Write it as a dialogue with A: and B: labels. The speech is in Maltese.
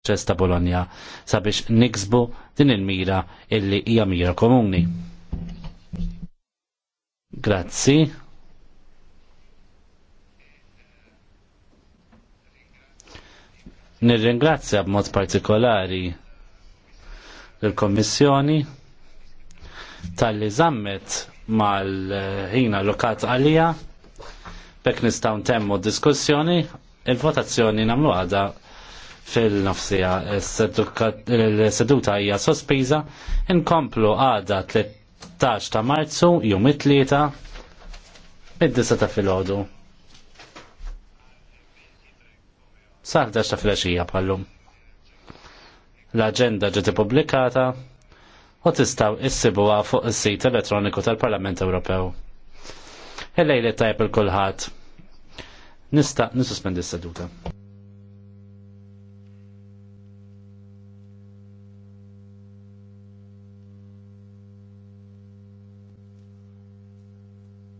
A: proċess ta' Bologna sabiex niksbu din il-mira illi hija mira komuni. Grazzi. Nirringrazzja b'mod partikolari l-Kommissjoni tal-li zammet mal-ħina lokat għalija bekk nistaw ntemmu diskussjoni il-votazzjoni namlu għada fil-nofsija. s seduta hija sospiża, inkomplu għada 13 ta' marzu, jum it-tlieta, id-disa ta' filgħodu. Sa' 11 ta' filgħaxija bħallum l-agenda ġiet ippubblikata u tistgħu issibuha fuq is-sit elettroniku tal-Parlament Ewropew. Il-lejli tajb il-kulħadd. Nista' nisuspendi s-seduta.